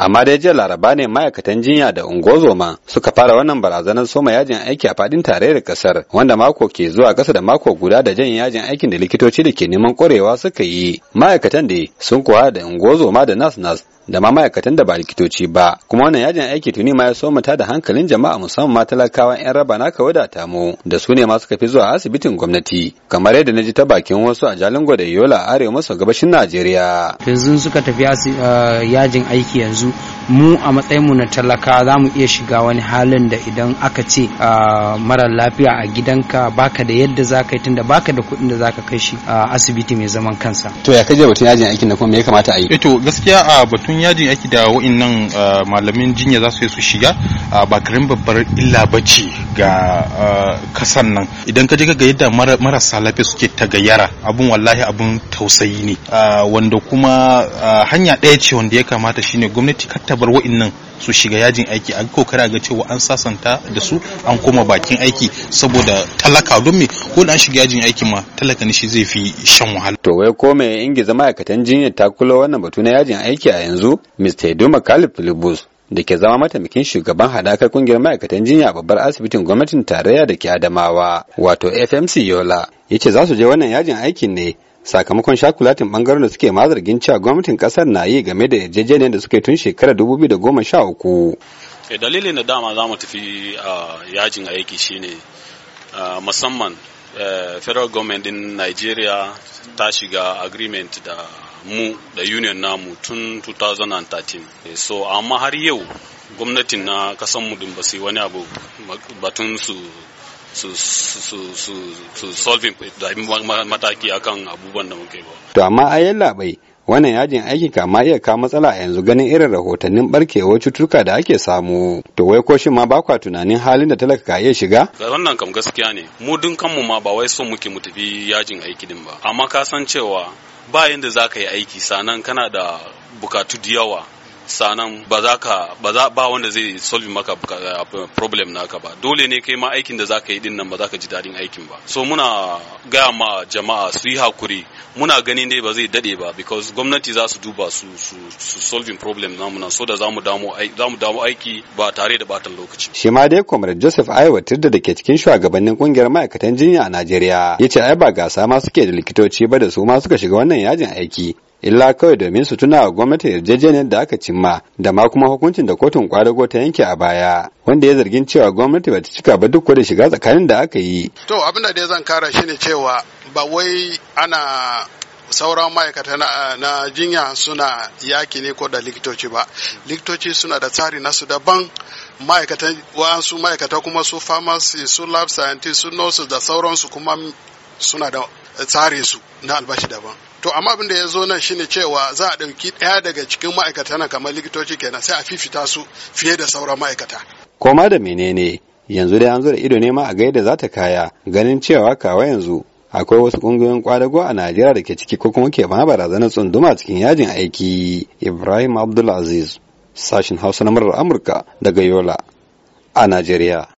amma dai jiya laraba ne ma'aikatan jinya da ungozoma suka fara wannan barazanar soma yajin aiki a fadin tarayyar kasar wanda mako ke zuwa kasa da mako guda da jan yajin aikin da likitoci da ke neman kwarewa suka yi ma'aikatan da sun kuwa da ungozoma da nas nas da ma ma'aikatan da ba likitoci ba kuma wannan yajin aiki tuni ma ya so mata da hankalin jama'a musamman ma talakawa yan raba naka wadata mu da su ne ma suka fi zuwa asibitin gwamnati kamar yadda na ji ta bakin wasu a jalingo da yola arewa maso gabashin najeriya yanzu suka tafi ah, yajin aiki yanzu mu a matsayin mu na talaka za mu iya shiga wani halin da idan aka ce mara lafiya a gidanka baka da yadda za ka yi tunda baka da kuɗin da za ka kai shi a asibiti mai zaman kansa. To ya kaje batun yajin aikin da kuma me ya kamata a yi? Eto eh gaskiya a batun yajin aiki da wa'innan malamin jinya za su yi su shiga ba karin babbar illa ba ce ga uh, kasan nan idan ka je ka ga yadda marasa lafiya suke ta tagayyara abun wallahi abun tausayi ne uh, wanda kuma uh, hanya ɗaya ce wanda ya kamata shine gwamnati kattabar ta bar wa'innan su shiga yajin aiki a kokari ga cewa an sasanta da su an koma bakin aiki saboda talaka don me ko da an shiga yajin aiki ma talaka ne shi zai fi shan wahala to wai ko me ingiza ma'aikatan jinya ta kula wannan batu na yajin aiki a yanzu Mr. edo Kalif Filibus da ke zama mataimakin shugaban hadakar kungiyar ma'aikatan jinya a babbar asibitin gwamnatin tarayya da ke adamawa wato fmc yola ya ce za su je wannan yajin aikin ne sakamakon shakulatin bangaren da suke mazargin cewa gwamnatin kasar na yi game da yarjejeniyar da suke tun shekarar 2013 dalilin da eh, dama za mu tafi ah, yajin aiki shine ah, musamman Eh, federal government din nigeria ta shiga agreement da mu da union namu tun 2013 eh, so amma har yau gwamnatin na kasan mu din ba wani abu batun su su su su su solving mataki akan abubuwan da muke ba to amma ayan bai wannan yajin aiki kama iya kawo matsala a yanzu ganin irin rahotannin barkewar cututtuka da ake samu to wai ko shin ma ba kwa tunanin halin da talaka ka iya shiga wannan kam gaskiya ne mu dun kanmu ma ba wai son muke mu tafi yajin aiki din ba amma ka san cewa ba yanda za ka yi aiki sanan kana da bukatu da yawa sanan ba za ka ba za ba wanda zai solve maka uh, problem naka ba dole ne kai ma aikin da zaka yi din nan ba za ka ji dadin aikin ba so muna gaya ma jama'a su yi hakuri muna ganin dai ba zai dade ba because gwamnati za su duba su su, su solving problem namu nan so da zamu damu zamu damu aiki ba tare da batan lokaci shi ma dai comrade Joseph Aiwa Tirda da ke cikin shugabannin kungiyar ma'aikatan jinya a Najeriya yace ai ba gasa ma suke da likitoci ba da su ma suka shiga wannan yajin aiki illa kawai domin su tuna wa gwamnati yarjejeniyar da aka cimma da ma kuma hukuncin da kotun kwadago ta yanke a baya wanda ya zargin cewa gwamnati bata cika ba duk da shiga tsakanin da aka yi to abin da zan kara shine cewa ba wai ana sauran ma'aikata na, jinya suna yaki ne ko da likitoci ba likitoci suna da tsari nasu daban ma'aikatan wa'ansu ma'aikata kuma su pharmacy su lab scientist su nurses da sauransu kuma suna da tsare su na albashi daban to amma abin da ya zo nan shine cewa za a ɗauki ɗaya daga cikin ma'aikata na kamar likitoci kenan sai a fifita su fiye da sauran ma'aikata koma da menene yanzu dai an zo da ido ne ma a yadda za ta kaya ganin cewa kawa yanzu akwai wasu ƙungiyoyin kwadago a najeriya da ke ciki ko kuma ke bana barazanar tsunduma cikin yajin aiki ibrahim abdulaziz sashin hausa na murar amurka daga yola a najeriya